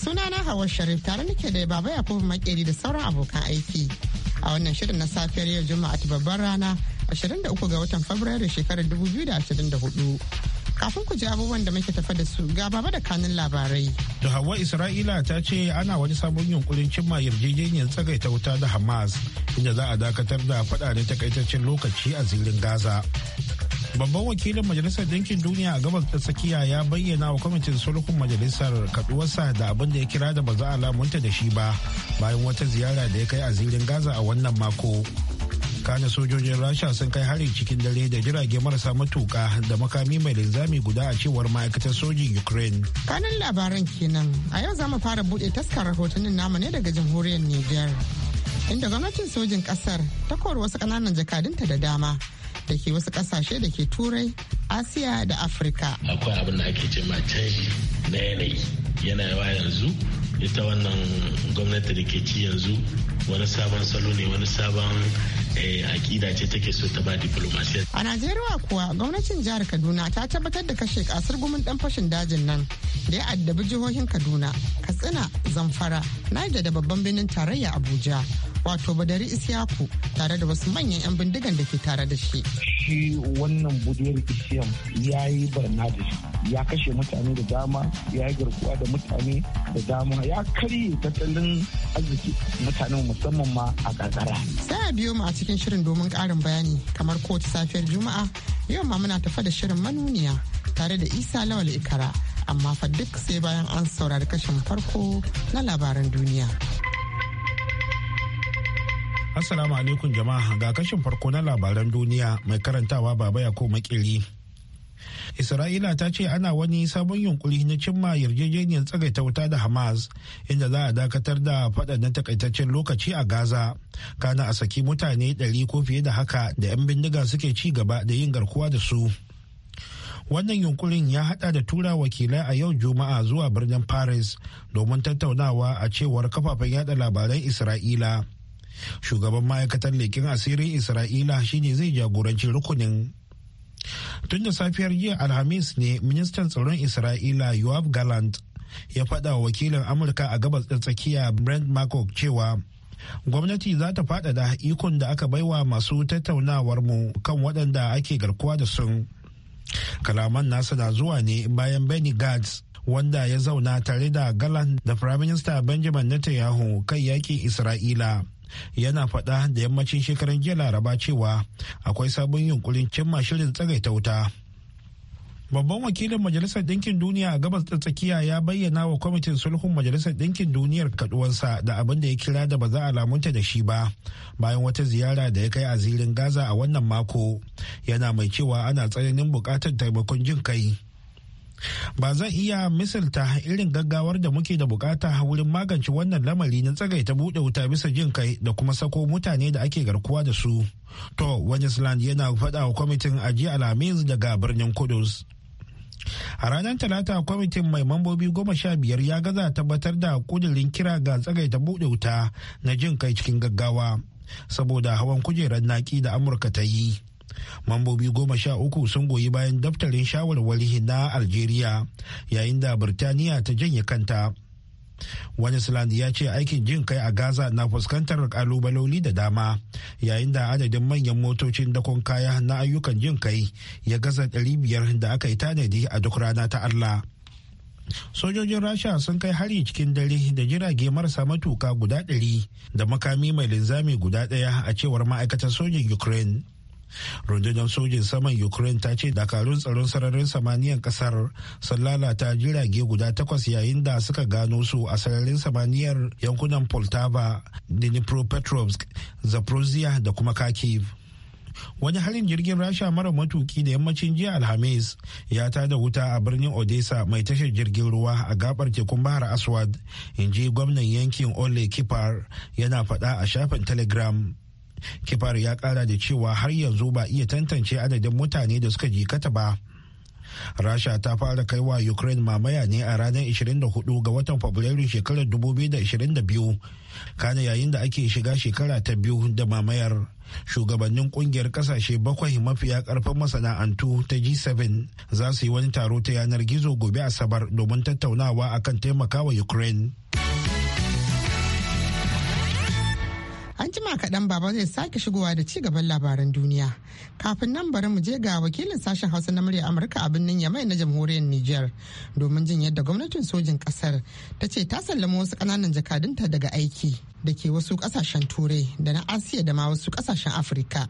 Sunana Hawa Sharif tare nake da Baba Yakubu Makeri da sauran abokan aiki. A wannan shirin na safiyar yau Juma'a ta babbar rana 23 ga watan Fabrairu shekarar 2024. Kafin ku ji abubuwan da muke tafa da su ga baba da kanin labarai. Da Hawa Isra'ila ta ce ana wani sabon yunkurin cimma yarjejeniyar tsagaita wuta da Hamas inda za a dakatar da fada da takaitaccen lokaci a zirin Gaza. babban wakilin majalisar dinkin duniya a gabas ta tsakiya ya bayyana wa kwamitin sulhun majalisar kaduwarsa da abin da ya kira da ba za a lamunta da shi ba bayan wata ziyara da ya kai a zirin gaza a wannan mako kana sojojin rasha sun kai hari cikin dare da jirage marasa matuka da makami mai linzami guda a cewar ma'aikatar sojin ukraine kanan labaran kenan a yau za mu fara bude taskar rahotannin namu ne daga jamhuriyar niger inda gwamnatin sojin kasar ta kori wasu kananan jakadunta da dama da ke wasu kasashe da ke turai asiya da afirka akwai abin da ake ce canji na yanayi yana yawa yanzu ita wannan gwamnati da ke ci yanzu wani sabon salo ne wani sabon eh, akida ce take so ta ba diplomasiya. A Najeriya kuwa gwamnatin jihar Kaduna ta tabbatar da kashe kasar gumin dan fashin dajin nan da ya addabi jihohin Kaduna, Katsina, Zamfara, Niger da babban birnin tarayya Abuja. wato badari isyaku tare da wasu manyan 'yan bindigan da ke tare da shi shi wannan budiyar isiyam ya yi barna da shi ya kashe mutane da dama ya yi garkuwa da mutane da dama ya karye tattalin arziki mutanen musamman ma a karkara sai a biyo mu a cikin shirin domin karin bayani kamar kowace safiyar juma'a yau ma muna tafa da shirin manuniya tare da isa lawal ikara amma fa duk sai bayan an saurari kashin farko na labaran duniya. Assalamu alaikum jama'a ga kashin farko na labaran duniya mai karantawa baba ya ko makiri. Isra'ila ta ce ana wani sabon yunkuri na cimma yarjejeniyar tsagaita wuta da Hamas inda za a dakatar da faɗan takaitaccen lokaci a Gaza. Kana a saki mutane ɗari ko fiye da haka da 'yan bindiga suke ci gaba da yin garkuwa da su. Wannan yunkurin ya haɗa da tura wakilai a yau Juma'a zuwa birnin Paris domin tattaunawa a cewar kafafen yada labaran Isra'ila. shugaban ma'aikatar leƙen asirin isra'ila shine zai jagoranci rukunin tun da safiyar jiya alhamis ne ministan tsaron isra'ila yoav galant ya faɗa wakilin amurka a gabas da tsakiya brent markov cewa gwamnati za ta faɗaɗa ikon da aka baiwa masu tattaunawar mu kan waɗanda ake garkuwa da sun kalaman nasa na zuwa ne bayan benny gads wanda ya zauna tare da galan da firaminista benjamin netanyahu kan yakin isra'ila yana faɗa da yammacin shekaran jiya laraba cewa akwai sabon yunkurin cimma shirin tsagaita wuta babban wakilin majalisar ɗinkin duniya a gabas ta tsakiya ya bayyana wa kwamitin sulhun majalisar ɗinkin duniyar kaduwansa da abin da ya kira da ba za a lamunta da shi ba bayan wata ziyara da ya kai a zirin gaza a wannan mako yana mai cewa ana tsananin buƙatar taimakon jin kai ba zan iya misalta irin gaggawar da muke da bukata wurin magance wannan lamari na tsagaita buɗe wuta bisa jin kai da kuma sako mutane da ake garkuwa da su to wajesland yana faɗa wa kwamitin aji alhamis daga birnin kudus a ranar talata kwamitin mai mambobi goma sha biyar ya gaza tabbatar da kudirin kira ga tsagaita buɗe wuta na jin kai cikin gaggawa saboda hawan kujerar naki da amurka ta yi mambobi goma sha uku sun goyi bayan daftarin shawarwari na algeria yayin da birtaniya ta janye kanta wani sland ya ce aikin jin kai a gaza na fuskantar kalubaloli da dama yayin da adadin manyan motocin dakon kaya na ayyukan jin kai ya gaza biyar da aka yi tanadi a duk rana ta allah sojojin rasha sun kai hari cikin dare da jirage marasa matuka guda ɗari da makami mai linzami guda ɗaya a cewar ma'aikatar sojin ukraine rundunar sojin saman ukraine ta ce dakarun tsaron sararin samaniyar kasar sun lalata jirage guda takwas yayin da suka gano su a sararin samaniyar yankunan poltava dnipropetrovsk zaporozhia da kuma kharkiv wani harin jirgin rasha mara matuki da yammacin jiya alhamis ya tada wuta a birnin odessa mai tashar jirgin ruwa a gabar tekun bahar aswad in ji gwamnan yankin ole kipar yana faɗa a shafin telegram kifar ya kara da cewa har yanzu ba iya tantance adadin mutane da suka jikata ba rasha ta fara kai wa ukraine mamaya ne a ranar 24 ga watan fabrairu shekarar 2022 kana yayin da ake shiga shekara ta biyu da mamayar shugabannin kungiyar kasashe bakwai mafiya karfin masana'antu ta g7 za su yi wani taro ta yanar gizo gobe asabar domin tattaunawa akan taimakawa ukraine An jima kaɗan baba zai sake shigowa da ci gaban labaran duniya. Kafin nan bari mu je ga wakilin sashen Hausa na murya Amurka a birnin Yamai na jamhuriyar Nijar domin jin yadda gwamnatin sojin ƙasar ta ce ta sallama wasu ƙananan jakadunta daga aiki da ke wasu ƙasashen Turai da na Asiya da ma wasu ƙasashen Afirka.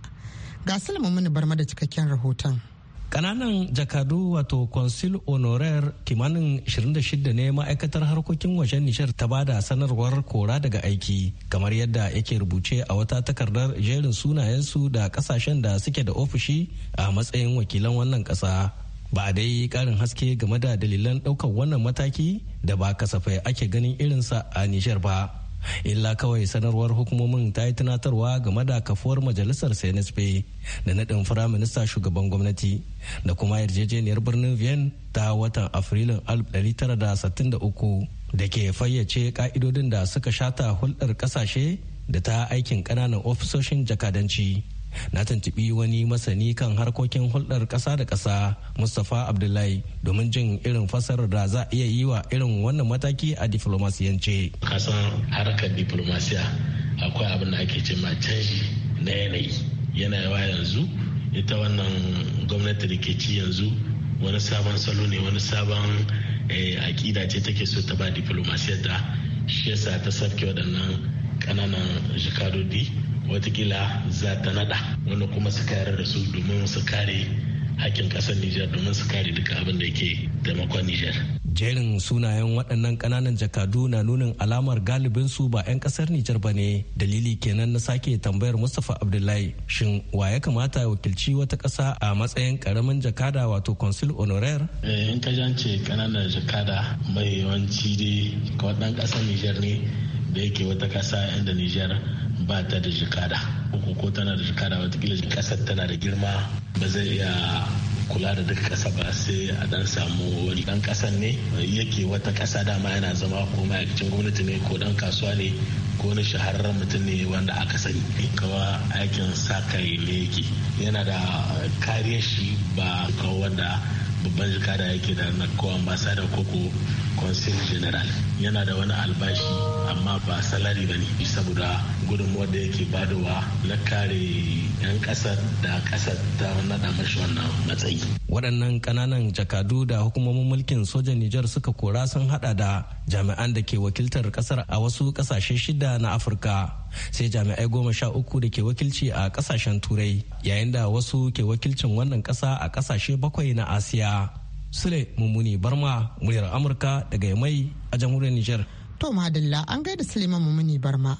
Ga Sulaiman Mini Barma da cikakken rahoton. kananan jakadu wato consul honoraire kimanin 26 ne ma'aikatar harkokin wajen nishar ta bada sanarwar kora daga aiki kamar yadda yake rubuce a wata takardar jerin sunayensu da kasashen da suke da ofishi a matsayin wakilan wannan kasa ba dai karin haske game da dalilan daukar wannan mataki da ba kasafai ake ganin irinsa a nishar ba illa kawai sanarwar hukumomin ta yi tunatarwa game da kafuwar majalisar cnsp da naɗin firaminista shugaban gwamnati da kuma yarjejeniyar birnin Vienne ta watan afrilun 1963 da ke fayyace ka'idodin da suka shata hulɗar ƙasashe da ta aikin ƙananan ofisoshin jakadanci. na tuntubi wani masani kan harkokin hulɗar ƙasa da ƙasa mustapha abdullahi domin jin irin fasarar da za a iya yi wa irin wannan mataki a diflomasiyance kasan harkar diflomasiya akwai abin da ake ce canji na yanayi yana yawa yanzu ita wannan gwamnati da ke ci yanzu wani sabon salo ne wani sabon eh, aƙida ce take so ta ba diflomasiyar da shi yasa ta sarki waɗannan ƙananan jikadodi watakila za ta nada wani kuma su kare da su domin su kare hakkin kasar Nijar domin su kare duka abin da yake taimakon Nijar. Jerin sunayen waɗannan ƙananan jakadu na nunin alamar galibin su ba 'yan ƙasar Nijar ba ne dalili kenan na sake tambayar Mustapha Abdullahi shin wa ya kamata wakilci wata ƙasa a matsayin ƙaramin jakada wato consul honoraire? Eh, in ka jance ƙananan jakada mai yawanci dai waɗannan ƙasar Nijar ne da yake wata kasa inda Nijar ba ta da jikada ko tana da jikada watakila kasar tana da girma ba zai iya kula da duk kasa ba sai a dan samu wani dan kasan ne yake wata kasa dama yana zama ko ma'aikacin gwamnati ne ko dan kasuwa ne ko wani shahararren mutum ne wanda aka sani kawa aikin sa kai ne yake yana da kariyar shi ba kawo wanda babban jikada yake da na kowa ambasada koko consul general yana da wani albashi amma ba salari ba ne saboda gudunmuwa da yake badowa na kare 'yan kasar da kasar ta nada mashi wannan matsayi waɗannan ƙananan jakadu da hukumomin mulkin sojan nijar suka kora sun hada da jami'an da ke wakiltar kasar a wasu kasashe shida na afirka sai jami'ai goma sha uku da ke wakilci a kasashen turai yayin da wasu ke wakilcin wannan ƙasa a kasashe bakwai na asiya Sule Mummuni Barma muryar Amurka daga Yamai a jamhuriyar niger To Madalla an gaida Suleiman Mummuni Barma.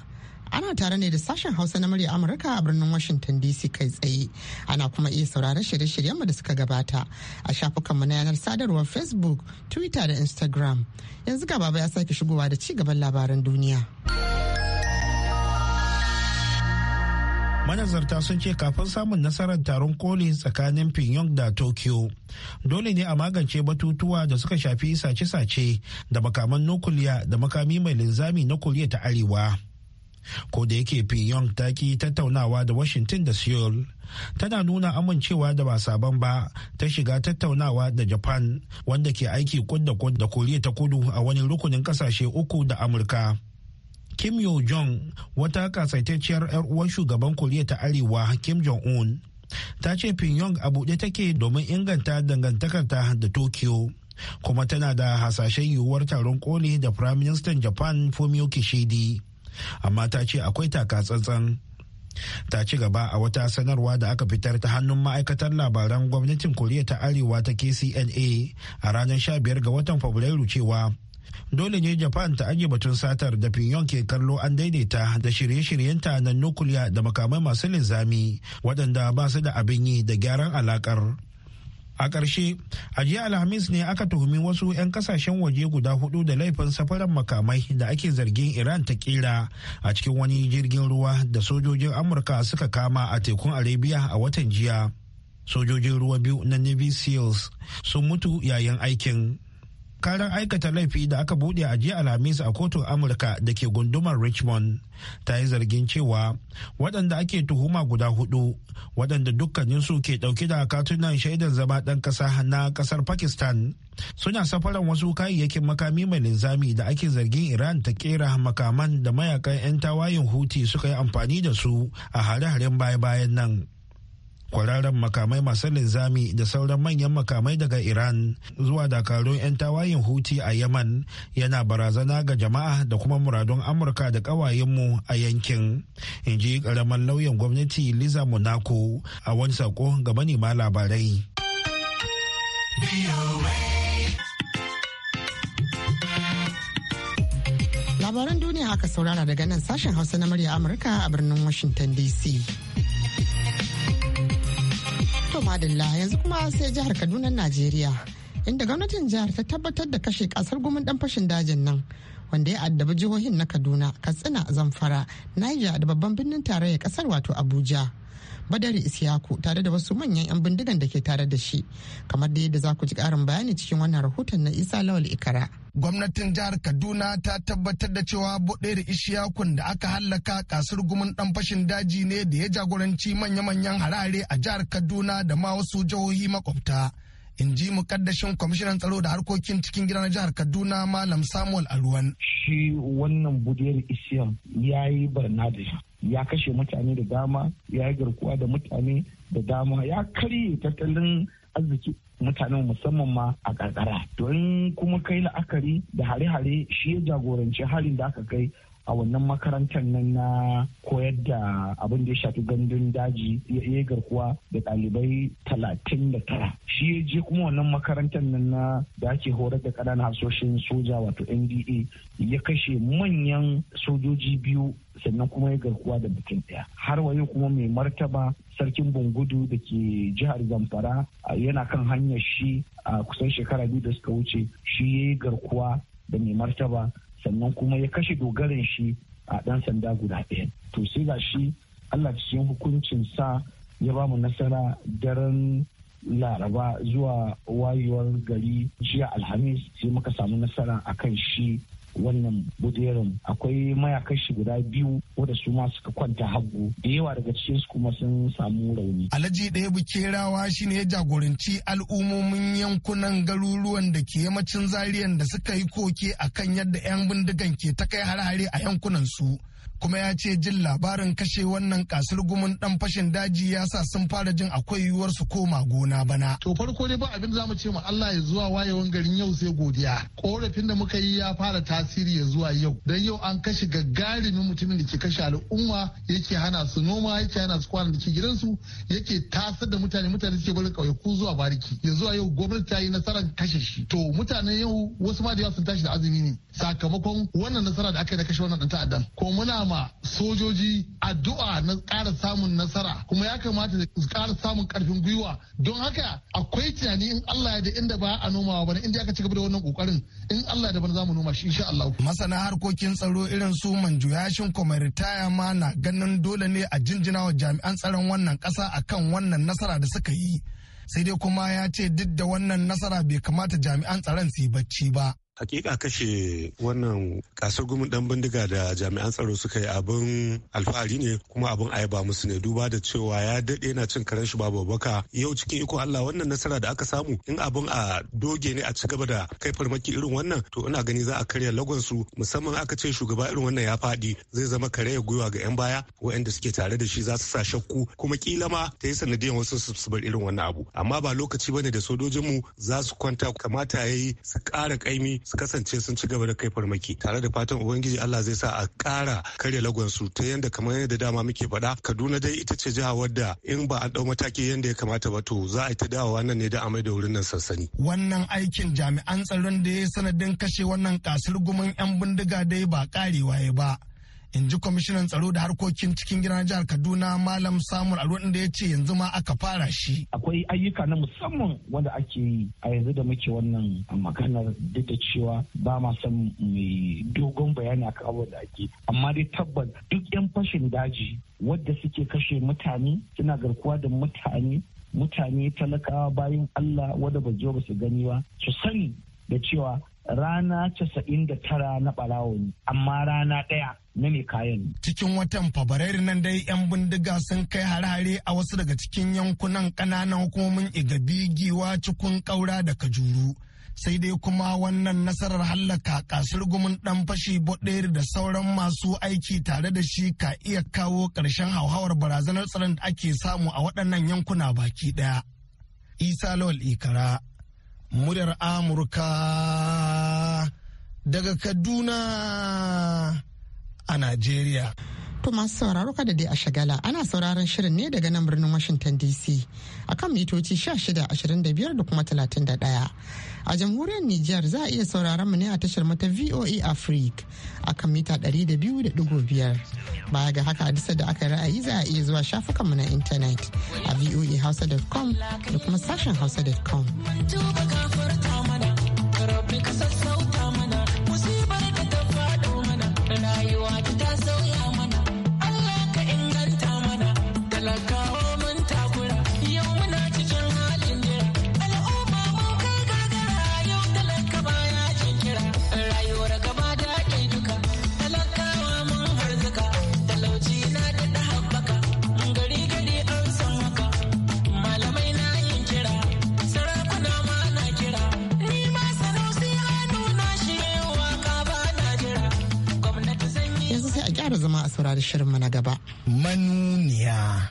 Ana tare ne da sashen Hausa na murya Amurka a birnin Washington DC kai tsaye. Ana kuma iya sauraron shirye-shiryenmu da suka gabata a shafukanmu na yanar sadarwar Facebook, Twitter da Instagram. Yanzu gaba ya sake shigowa da ci gaban labaran duniya. manazarta sun ce kafin samun nasarar taron koli tsakanin pyongyang da tokyo dole ne a magance batutuwa da suka shafi sace-sace da makaman nukuliya da makami mai linzami na koriya ta arewa ko da yake pyongyang ta ki tattaunawa da washington da seoul tana nuna amincewa da ba sabon ba ta shiga tattaunawa da japan wanda ke aiki kudda da koriya ta kudu a wani rukunin kasashe uku da amurka Kim Yo Jong wata kasaitacciyar 'yar uwar shugaban Koriya ta Arewa Kim Jong Un ta ce Pyongyang a buɗe take domin inganta dangantakarta da Tokyo kuma tana da hasashen yiwuwar taron koli da Prime Minister Japan Fumio Kishidi amma ta ce akwai taka tsantsan. ta ci gaba a wata sanarwa da aka fitar ta hannun ma'aikatar labaran gwamnatin koriya ta arewa ta kcna a ranar 15 ga watan fabrairu cewa dole ne japan ta ajiye batun satar da pinyon ke kallo an daidaita da shirye-shiryenta na nukuliya da makamai masu linzami waɗanda ba su da abin yi da gyaran alakar a ƙarshe a jiya alhamis ne aka tuhumi wasu 'yan kasashen waje guda hudu da laifin safaran makamai da ake zargin iran ta kera a cikin wani jirgin ruwa da sojojin amurka suka kama a tekun arabia a watan jiya sojojin ruwa biyu na navy seals sun mutu yayin aikin karan aikata laifi da aka bude a jiya alhamis a kotun amurka da ke gundumar richmond ta yi zargin cewa waɗanda ake tuhuma guda hudu waɗanda dukkaninsu ke ɗauke da katunan shaidar zama ɗan ƙasa na ƙasar pakistan suna safaran wasu kayayyakin makami mai linzami da ake zargin iran ta kera makaman da mayakan 'yan tawayin huti suka yi amfani da su a hare-haren baya-bayan nan kwararan makamai masu linzami da sauran manyan makamai daga iran zuwa dakarun 'yan tawayin huti a yaman yana barazana ga jama'a da kuma muradun amurka da kawayenmu a yankin in ji ƙaramin lauyan gwamnati liza monaco a wani sako ga manema labarai labaran duniya aka saurara daga nan sashen hausa na murya amurka a birnin washington dc madalla yanzu kuma sai jihar Kaduna Najeriya inda gwamnatin jihar ta tabbatar da kashe kasar gumin dan fashin dajin nan wanda ya addabi jihohin na Kaduna, Katsina, Zamfara, Niger da babban birnin Tarayya kasar wato Abuja. badar isiyaku tare da wasu manyan 'yan bindigan da ke tare da shi kamar da yadda za ku ji karin bayani cikin wannan rahoton na isa lawal ikara gwamnatin jihar kaduna ta tabbatar da cewa buɗeri ishiyakun da aka hallaka kasar gumin dan fashin daji ne da ya jagoranci manya-manyan harare a jihar kaduna da ma wasu jihohi makwabta in ji mukaddashin kwamishinan tsaro da harkokin cikin gidan jihar kaduna malam samuel aruwan shi wannan budiyar isiyan ya yi barna da shi ya kashe mutane da dama ya yi garkuwa da mutane da dama ya karye tattalin arziki mutanen musamman ma a karkara don kuma kai la'akari da hare-hare shi ya jagoranci harin da aka kai a wannan makarantar nan na koyar da abin da ya shafi gandun daji ya iya garkuwa da ɗalibai talatin da tara shi ya je kuma wannan makarantar nan na da ake horar da ƙananan hasoshin soja wato nda ya kashe manyan sojoji biyu sannan kuma ya garkuwa da mutum ɗaya har wayo kuma mai martaba sarkin bungudu da ke jihar zamfara yana kan hanyar shi a kusan shekara biyu da suka wuce shi ya yi garkuwa da mai martaba sannan kuma ya kashe dogaran shi a ɗan sanda guda ɗaya to sai ga shi allah cikin hukuncin sa ya ba mu nasara daren laraba zuwa wayewar gari jiya alhamis sai muka samu nasara akan shi wannan buderan akwai mayakan shi guda biyu wanda su ma suka kwanta hagu da yawa daga cikin su kuma sun samu rauni alhaji ɗaya bukerawa shine ya jagoranci al'ummomin yankunan garuruwan da ke yammacin zariyan da suka yi koke akan yadda 'yan bindigan ke ta kai hare-hare a yankunan su kuma ya ce jin labarin kashe wannan kasar gumin dan fashin daji ya sa sun fara jin akwai yiwuwar su koma gona bana. To farko dai ba abin zamu ce ma Allah ya zuwa wayewan garin yau sai godiya. Korafin da muka yi ya fara tasiri ya zuwa yau. Dan yau an kashe gagarumin mutumin da ke kashe al'umma yake hana su noma yake hana su kwana da ke gidansu yake tasar da mutane mutane suke barin ku zuwa bariki. Ya zuwa yau gwamnati ta yi nasarar kashe shi. To mutane yau wasu ma da yawa sun tashi da azumi ne sakamakon wannan nasara da aka yi na kashe wannan ɗan ta'addan. Ko muna ma sojoji addu'a na ƙara samun nasara kuma ya kamata su ƙara samun ƙarfin gwiwa don haka akwai tunani in Allah ya da inda ba a nomawa ba inda aka ci gaba da wannan kokarin in Allah da bana za mu noma shi insha Allah masana harkokin tsaro irin su manjuyashin kuma ritaya ma na ganin dole ne a jinjina wa jami'an tsaron wannan ƙasa akan wannan nasara da suka yi sai dai kuma ya ce duk da wannan nasara bai kamata jami'an tsaron su yi bacci ba hakika kashe wannan kasar gumin dan bindiga da jami'an tsaro suka yi abin alfahari ne kuma abin ayaba musu ne duba da cewa ya daɗe yana cin karen shi babu baka yau cikin iko Allah wannan nasara da aka samu in abin a doge ne a ci gaba da kai farmaki irin wannan to ina gani za a karya lagon su musamman aka ce shugaba irin wannan ya faɗi zai zama kare ya gwiwa ga 'yan baya waɗanda suke tare da shi za su sa shakku kuma kila ma ta yi sanadiyan wasu su bar irin wannan abu amma ba lokaci bane da sojojinmu za su kwanta kamata yayi su ƙara ƙaimi su kasance sun ci gaba da kai farmaki tare da fatan ubangiji Allah zai sa a ƙara karya lagonsu ta yadda kamar yadda dama muke faɗa Kaduna dai ita ce jiha wadda in ba a ɗau mataki yadda ya kamata ba to za a yi ta dawowa nan ne da amai da wurin nan sansani. Wannan aikin jami'an tsaron da ya sanadin kashe wannan kasar gumin 'yan bindiga dai ba karewa ya ba. in ji kwamishinan tsaro da harkokin cikin gidan jihar kaduna malam samun alwadin da ya ce yanzu ma aka fara shi akwai ayyuka na musamman wanda ake yi a yanzu da muke wannan maganar duk da cewa ba ma san mai dogon bayani akan abubuwan da ake amma dai tabbas duk yan fashin daji wadda suke kashe mutane suna garkuwa da mutane mutane talakawa bayan allah wadda ba ba su gani ba su sani da cewa rana casa'in da tara na ɓarawo ne amma rana ɗaya mini kayan. Cikin watan Fabrairu nan dai 'yan bindiga sun kai hare-hare a wasu daga cikin yankunan ƙananan hukumomin Igabi, Giwa, Cikun, Ƙaura da Kajuru. Sai dai kuma wannan nasarar hallaka kasar gumin ɗan fashi Boɗeri da sauran masu aiki tare da shi ka iya kawo ƙarshen hauhawar barazanar tsaron da ake samu a waɗannan yankuna baki ɗaya. Isa Lawal Ikara, muryar Amurka daga Kaduna. a Najeriya. To masu sauraro kada dai a shagala ana sauraron shirin ne daga nan birnin Washington DC a kan mitoci 1625 da kuma 31. A jamhuriyar Nijar za a iya sauraron mu ne a tashar mata VOA Africa a kan mita 200.5. Baya ga haka a disa da aka ra'ayi za a iya zuwa shafukan mu na intanet a voahausa.com da kuma sashen hausa.com. shirinmu na gaba. Manuniya.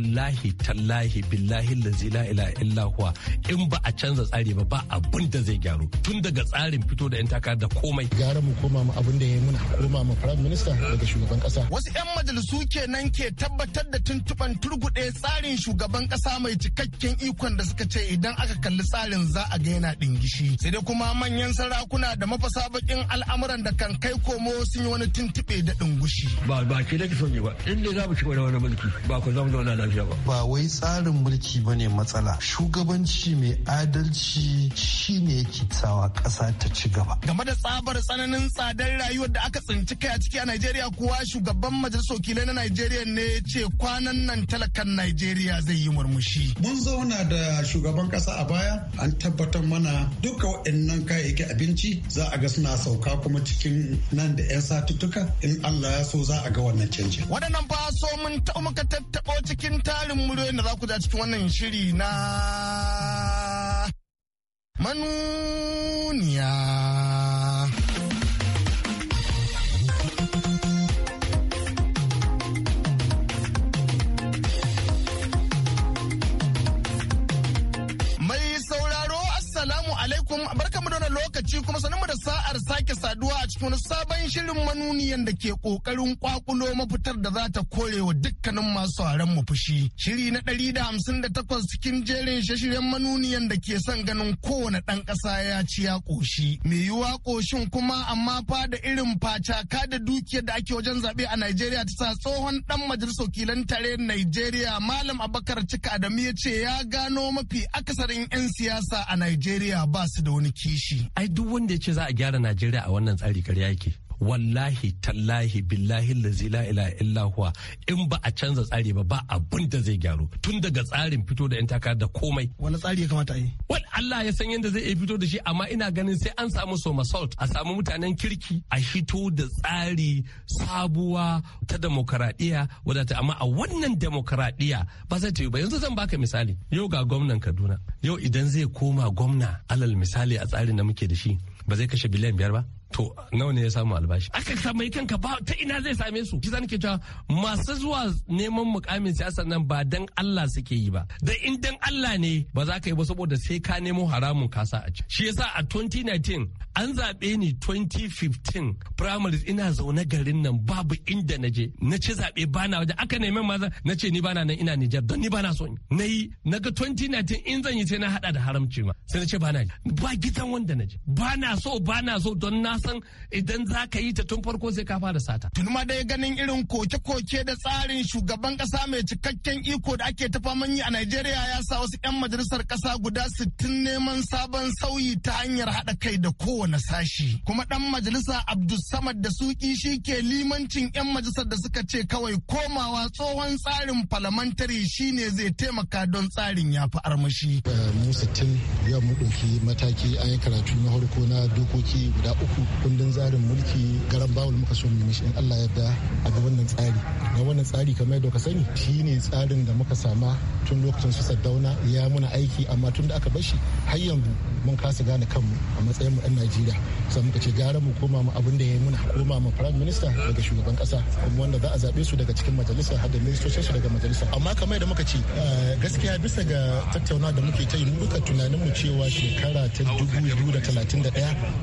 wallahi tallahi billahi lazi la ila illa huwa in ba a canza tsari ba ba abun da zai gyaru tun daga tsarin fito da yan takar da komai gara mu koma mu abun da ya muna koma mu prime minister daga shugaban kasa wasu yan majalisu kenan ke tabbatar da tuntuban turgude tsarin shugaban kasa mai cikakken ikon da suka ce idan aka kalli tsarin za a ga yana dingishi sai dai kuma manyan sarakuna da mafasa bakin al'amuran da kan kai komo sun yi wani tuntube da dingushi ba ba ke da ki son ba inda za mu ci wani mulki ba ku zama zauna lafiya ba. Ba wai tsarin mulki ba ne matsala. Shugabanci mai adalci shi ne yake sawa ƙasa ta ci gaba. Game da tsabar tsananin tsadar rayuwar da aka tsinci kai a ciki a Najeriya kuwa shugaban majalisar wakilai na Najeriya ne ce kwanan nan talakan Najeriya zai yi murmushi. Mun zauna da shugaban kasa a baya an tabbatar mana duka waɗannan kayayyakin abinci za a ga suna sauka kuma cikin nan da 'yan satuttuka in Allah ya so za a ga wannan canje. Waɗannan ba so mun taɓa muka tattaɓo cikin tarin muryoyin da za ku cikin wannan shiri na manuniya. mu da sa'ar sake saduwa a cikin sabon shirin manuniyan da ke kokarin kwakulo mafitar da za ta kore wa dukkanin masu haren mu fushi. Shiri na ɗari da hamsin da takwas cikin jerin shashiren manuniyan da ke son ganin kowane ɗan ƙasa ya ci ya ƙoshi. Me yiwuwa ƙoshin kuma amma fa da irin facaka da dukiyar da ake wajen zaɓe a Najeriya ta sa tsohon ɗan majalisar wakilan tare Najeriya Malam Abakar Cika Adamu ya ce ya gano mafi akasarin 'yan siyasa a Najeriya ba su da wani kishi. wanda ya ce za a gyara najeriya a wannan tsari karya yake wallahi tallahi billahi lazila, la ilaha in ba a canza tsari ba ba abun da zai gyaru tun daga tsarin fito da yan da komai wani tsari ya kamata yi wani Allah ya san yadda zai iya fito da shi amma ina ganin sai an samu soma salt a samu mutanen kirki a hito da tsari sabuwa ta demokaradiyya wadata amma a wannan demokaradiyya ba zai ta yi ba yanzu zan baka misali yau ga gwamnan Kaduna yau idan zai koma gwamna alal misali a tsarin da muke da shi ba zai kashe biliyan biyar ba to nawa ne ya samu albashi aka samu kanka ba ta ina zai same su kisa nake cewa masu zuwa neman mukamin siyasa nan ba dan Allah suke yi ba da in dan Allah ne ba za ka yi ba saboda sai ka nemo haramun kasa a ci shi yasa a 2019 an zaɓe ni 2015 primaries ina zaune garin nan babu inda na je na ci zaɓe bana waje aka neman maza na ce ni bana nan ina Nijar don ni bana so na yi na ga 2019 in zan yi sai na haɗa da haramci ma sai na ce bana ba gidan wanda na je bana so bana so don na san idan za ka yi ta tun farko sai ka fara sata. Tuni ma dai ganin irin koke-koke da tsarin shugaban kasa mai cikakken iko da ake ta faman yi a Najeriya ya sa wasu 'yan majalisar kasa guda sittin neman sabon sauyi ta hanyar haɗa kai da kowane sashi. Kuma ɗan majalisa abdul samad da Suki shi ke limancin 'yan majalisar da suka ce kawai komawa tsohon tsarin falamantari shine zai taimaka don tsarin ya fi armashi. Eh, mu sittin yau mu ɗauki mataki an yi karatu na farko na dokoki guda uku kundin tsarin mulki garan bawul muka so mu mishi in Allah ya yarda a ga wannan tsari ga wannan tsari kamar yadda ka sani shine tsarin da muka sama tun lokacin su sadauna ya muna aiki amma tun da aka bar shi har yanzu mun kasa gane kanmu a matsayin mu ɗan Najeriya sai muka ce gara mu koma mu abin da ya muna koma mu prime minister daga shugaban kasa kuma wanda za a zabe su daga cikin majalisa har da ministocin su daga majalisa amma kamar yadda muka ce gaskiya bisa ga tattauna da muke ta yi duka tunanin mu cewa shekara ta 2031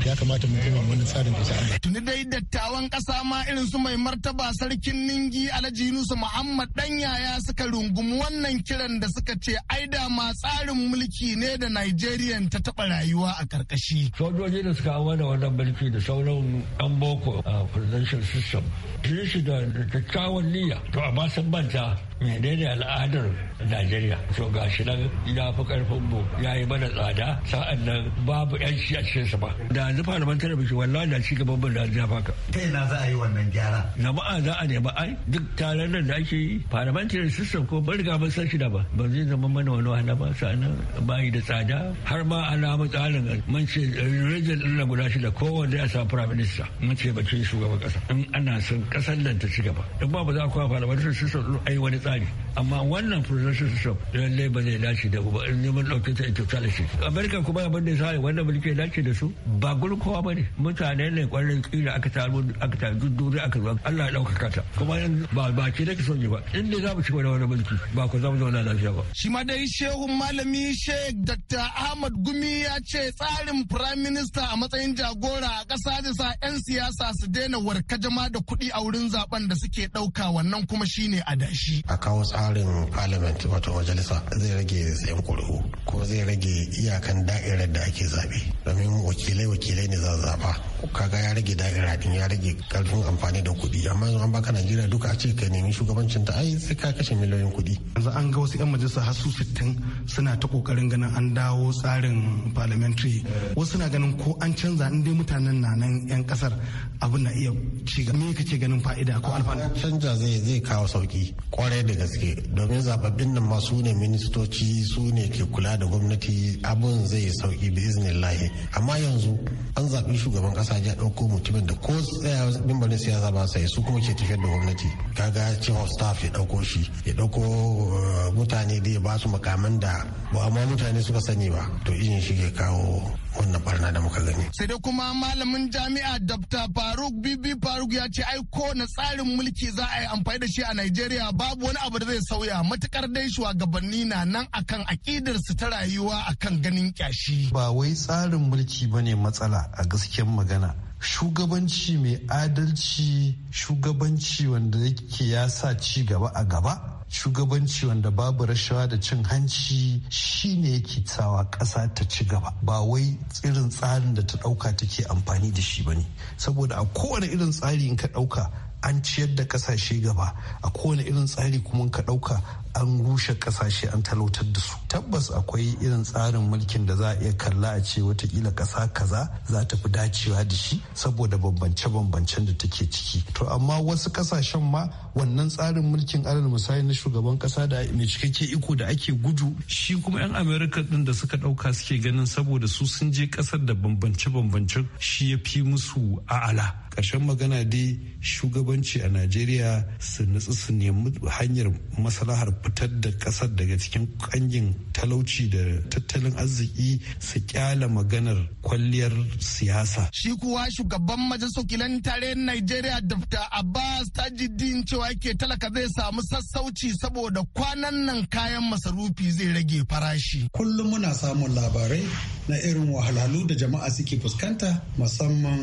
ya kamata mu koma wani tsarin da Tuni dai dattawan ƙasa ma irin su mai martaba sarkin Ningi Alhaji Yunusu Muhammad dan yaya suka rungumi wannan kiran da suka ce ai da ma tsarin mulki ne da Nigerian ta taba rayuwa a karkashi. Sojoji da suka amana wannan mulki da sauran an boko a presidential system. Shi shi da kyakkyawan niyya to amma sun banta menene al'adar Najeriya. So ga shi nan ya fi karfin mu ya yi mana tsada sa'an nan babu 'yanci a cikinsa ba. Da nufa da mantar da wallahi da cigaban ban da ya faka ta ina za a yi wannan gyara ba za a nema ai duk taron nan da ake yi parliamentary system ko ban riga ban san shi da ba ba zai zama mana wani wahala ba sa'anan bayi da tsada har ma ana matsalin mun ce rijin ɗin na guda da kowanne ya samu prime minister mun ce bakin shugaban kasa in ana son kasar nan ta ci gaba in ba ba za a kuma parliamentary system ai wani tsari amma wannan protectionship lallai ba zai dace da ba neman ɗauke ta totality america kuma abin da sai wannan mulki dace da su ba gurkowa ba ne mutane ne kwarin kila aka taru aka taru dudduri aka zo Allah ya ɗaukaka ta kuma ba ba ke da ki son ba inda za mu ci da wani mulki ba ku za mu zauna lafiya ba. shi ma dai shehun malami sheikh dr ahmad gumi ya ce tsarin prime minister a matsayin jagora a ƙasa da sa 'yan siyasa su daina warkajama da kuɗi a wurin zaben da suke ɗauka wannan kuma shine adashi. a kawo tsarin tsarin parliament wato majalisa zai rage tsayin kuri'u ko zai rage iyakan da'irar da ake zabe domin wakilai wakilai ne za zaba kaga ya rage da'ira din ya rage karfin amfani da kuɗi amma yanzu an baka najeriya duka a ce ka nemi shugabancin ta ai sai ka kashe miliyoyin kuɗi yanzu an ga wasu yan majalisa har su sittin suna ta kokarin ganin an dawo tsarin parliamentary wasu na ganin ko an canza in dai mutanen na nan yan kasar abin na iya ci me kake ganin fa'ida ko alfanu canja zai zai kawo sauki kwarai da gaske domin zababbin nan masu ne ministoci su ne ke kula da gwamnati abun zai sauki bi lahi amma yanzu an zaɓi shugaban ƙasa ya ɗauko mutumin da ko tsaya mimbalin siyasa ba sai su kuma ke tafiyar da gwamnati kaga chief of staff ya ɗauko shi ya ɗauko eh, mutane da ya ba su makaman da ba amma mutane suka sani ba to irin shi ke kawo wannan barna da muka gani. Sai dai kuma malamin jami'a Dr. Faruk Bibi Faruk ya ce ai ko na tsarin mulki za a yi amfani da shi a Najeriya babu wani abu da zai sauya matukar dai shugabanni na nan akan akidar su ta rayuwa akan ganin kyashi. Ba wai tsarin mulki bane matsala a gaskiyar magana. Shugabanci mai adalci shugabanci wanda yake ya sa ci gaba a gaba shugabanci wanda babu rashawa da cin hanci shine yake sawa ƙasa ta ci gaba ba wai irin tsarin da ta ɗauka take amfani da shi bane saboda a kowane irin tsari in ka ɗauka an ciyar da ƙasashe gaba a kowane irin tsari kuma ka ɗauka an rushe ƙasashe an talautar da su tabbas akwai irin tsarin mulkin da za a iya kalla a ce watakila ƙasa kaza za ta fi dacewa da shi saboda bambance-bambancen da take ciki to amma wasu ƙasashen ma wannan tsarin mulkin alal misali na shugaban kasa da mai cikakke iko da ake gudu shi kuma yan america din da suka dauka suke ganin saboda su sun je kasar da bambance bambance shi ya fi musu ala karshen magana dai shugabanci a najeriya su nutsu su nemi hanyar maslahar fitar da kasar daga cikin kangin talauci da tattalin arziki su kyala maganar kwalliyar siyasa shi kuwa shugaban majalisar kilan tare najeriya dr abbas tajidin cewa wake talaka zai samu sassauci saboda kwanan nan kayan masarufi zai rage farashi. Kullum muna samun labarai na irin wahalhalu da jama'a suke fuskanta musamman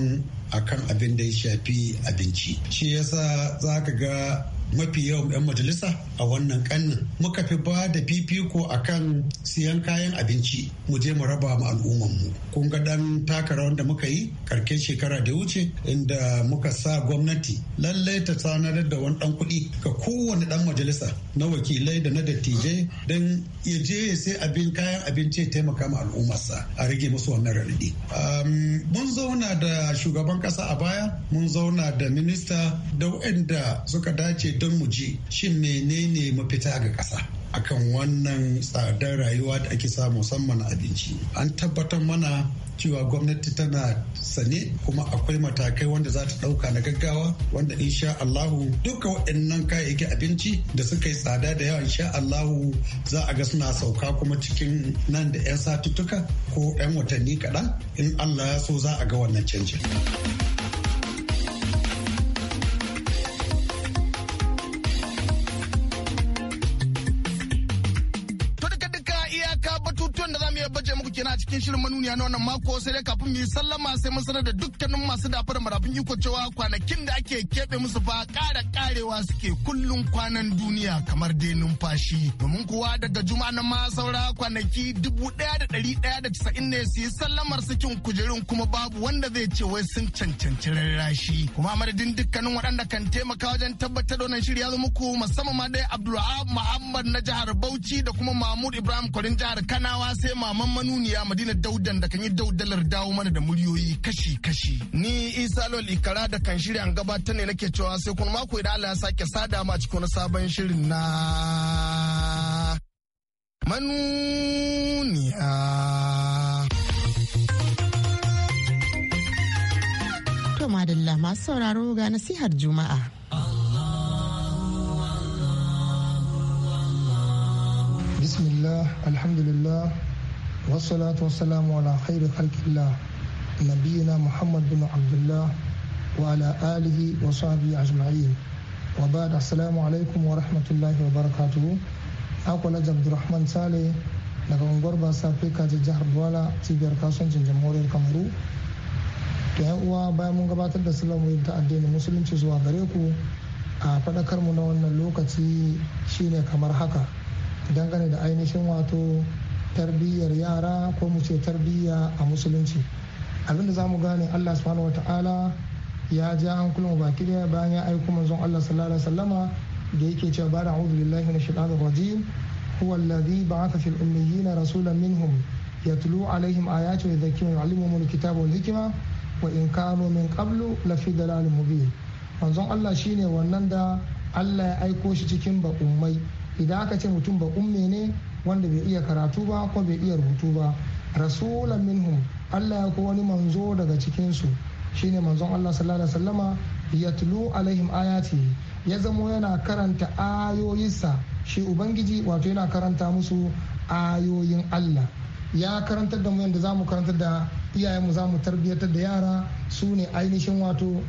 akan abin da ya shafi abinci. Shi yasa za ka ga mafi yawan 'yan majalisa a wannan kannin muka fi ba da fifiko a kan siyan kayan abinci mu je mu raba ma al'ummanmu kun ga dan takara wanda muka yi karken shekara da wuce inda muka sa gwamnati lallai ta tsanar da wani dan kuɗi ga kowane dan majalisa na wakilai da na dattijai don ya je ya sai abin kayan abinci ya taimaka ma al'ummarsa a rage musu wannan raɗaɗi mun zauna da shugaban ƙasa a baya mun zauna da minista da waɗanda suka dace don mu ji shin menene mafita ga ƙasa akan wannan tsadar rayuwa da ake samu musamman a abinci an tabbatar mana cewa gwamnati tana sane kuma akwai matakai wanda za ta ɗauka na gaggawa wanda insha Allahu duka waɗannan kayayyakin abinci da suka yi tsada da yawa insha Allahu za a ga suna sauka kuma cikin nan da 'yan satuttuka ko 'yan watanni kaɗan in Allah ya so za a ga wannan canjin. cikin shirin manuniya na wannan mako sai dai kafin mu yi sallama sai mun sanar da dukkanin masu dafa da marafin iko cewa kwanakin da ake keɓe musu fa ƙara ƙarewa suke kullum kwanan duniya kamar dai numfashi domin kuwa daga juma'a na ma saura kwanaki dubu ɗaya da ɗari ɗaya da casa'in ne su yi sallamar sakin kujerun kuma babu wanda zai ce wai sun cancanci rarrashi kuma madadin dukkanin waɗanda kan taimaka wajen tabbatar da wannan shiri ya zo muku musamman ma dai Abdulrahman Muhammad na jihar Bauchi da kuma Mahmud Ibrahim Kwarin jihar Kanawa sai maman manuniya Madina madina daudan da kan yi daudalar dawo mana da muryoyi kashi-kashi ni isa lol ikara da kan shirya an gabata ne nake cewa sai kuma mako idan allah ya sake sada ma cikin wani sabon shirin na manuniya to madalla masu sauraro ga nasihar juma'a bismillah alhamdulillah wasalatu wasalamu ala khairu khalqillah nabiyina muhammad bin abdullah wa ala alihi wa sahbihi ajma'in wa ba'd assalamu alaikum wa rahmatullahi wa barakatuhu akwalaj abdurrahman sale daga unguwar basa fika jihar duwala cibiyar kasuwancin jamhuriyar kamaru to yan uwa bayan mun gabatar da salamu ta addinin musulunci zuwa gare ku a faɗakar mu na wannan lokaci shine kamar haka dangane da ainihin wato tarbiyyar yara ko mu ce tarbiyya a musulunci abinda za mu gane allah subhanahu wata'ala ya ja hankulan baki daya bayan ya aiko manzon allah sallallahu alaihi wasallama da yake cewa ba da a'udhu billahi minash shaitanir rajim huwa alladhi ba'atha fil ummiyina rasulan minhum yatlu alaihim ayati wa yadhakkiruhum wa yu'allimuhum alkitaba wal hikma wa in kanu min qablu lafi dalalin mubin manzon allah shine wannan da allah ya aiko shi cikin ba ummai idan aka ce mutum ba umme ne wanda bai iya karatu ba ko bai iya rubutu ba rasulan minhum Allah ya ko wani manzo daga cikinsu shine manzon Allah sallallahu alaihi wasallama yatlu alaihim ayati ya zamo yana karanta ayoyinsa shi ubangiji wato yana karanta musu ayoyin Allah ya karantar da mu yadda za mu karantar da iyayenmu za mu tarbiyyatar da yara su ne ainihin wato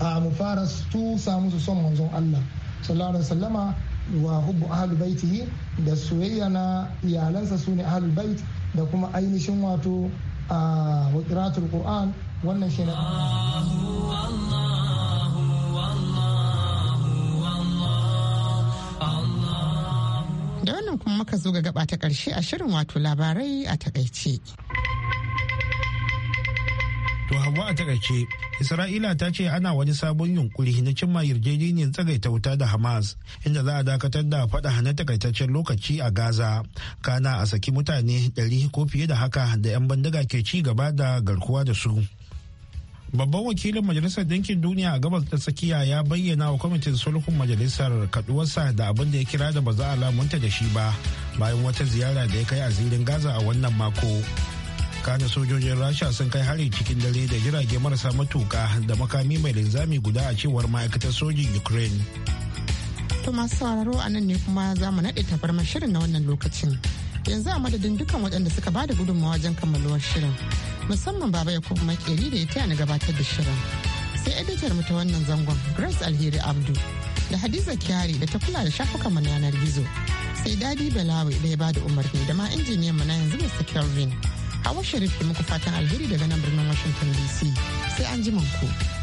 a mu fara tusa musu son manzon Allah sallallahu alaihi wasallama wa hubbu ahlul baiti da soyayya na iyalansa su ne ahlul bait da kuma ainihin wato a wakiratul qur'an wannan shi da wannan kuma muka zo ga gaba ta ƙarshe a shirin wato labarai a takaice. To hawa a takaice, Isra'ila ta ce ana wani sabon yunkuri na cimma yarjejeniyar tsagaita wuta da Hamas, inda za a dakatar da faɗa na takaitaccen lokaci a Gaza, kana a saki mutane ɗari ko fiye da haka da 'yan bandiga ke ci gaba da garkuwa da su. Babban wakilin Majalisar Dinkin Duniya a gabas ta tsakiya ya bayyana wa kwamitin sulhun majalisar kaduwarsa da abin da ya kira da ba za a lamunta da shi ba bayan wata ziyara da ya kai a zirin Gaza a wannan mako. kana sojojin rasha sun kai hari cikin dare da jirage marasa matuka da makami mai linzami guda a cewar ma'aikatar sojin ukraine to masu sauraro a nan ne kuma za mu naɗe tabarmar shirin na wannan lokacin yanzu a madadin dukkan waɗanda suka ba da gudunmawa wajen kammaluwar shirin musamman baba ya kuma makeri da ya taya ni gabatar da shirin sai editar mu ta wannan zangon grace alheri abdu da hadiza kyari da ta kula da shafukan mu na yanar gizo sai dadi balawi da ya bada umarni da ma injiniyan mu na yanzu mr kelvin Hawa Sharif da muku fatan alheri daga nan birnin Washington DC. Sai an ji ku.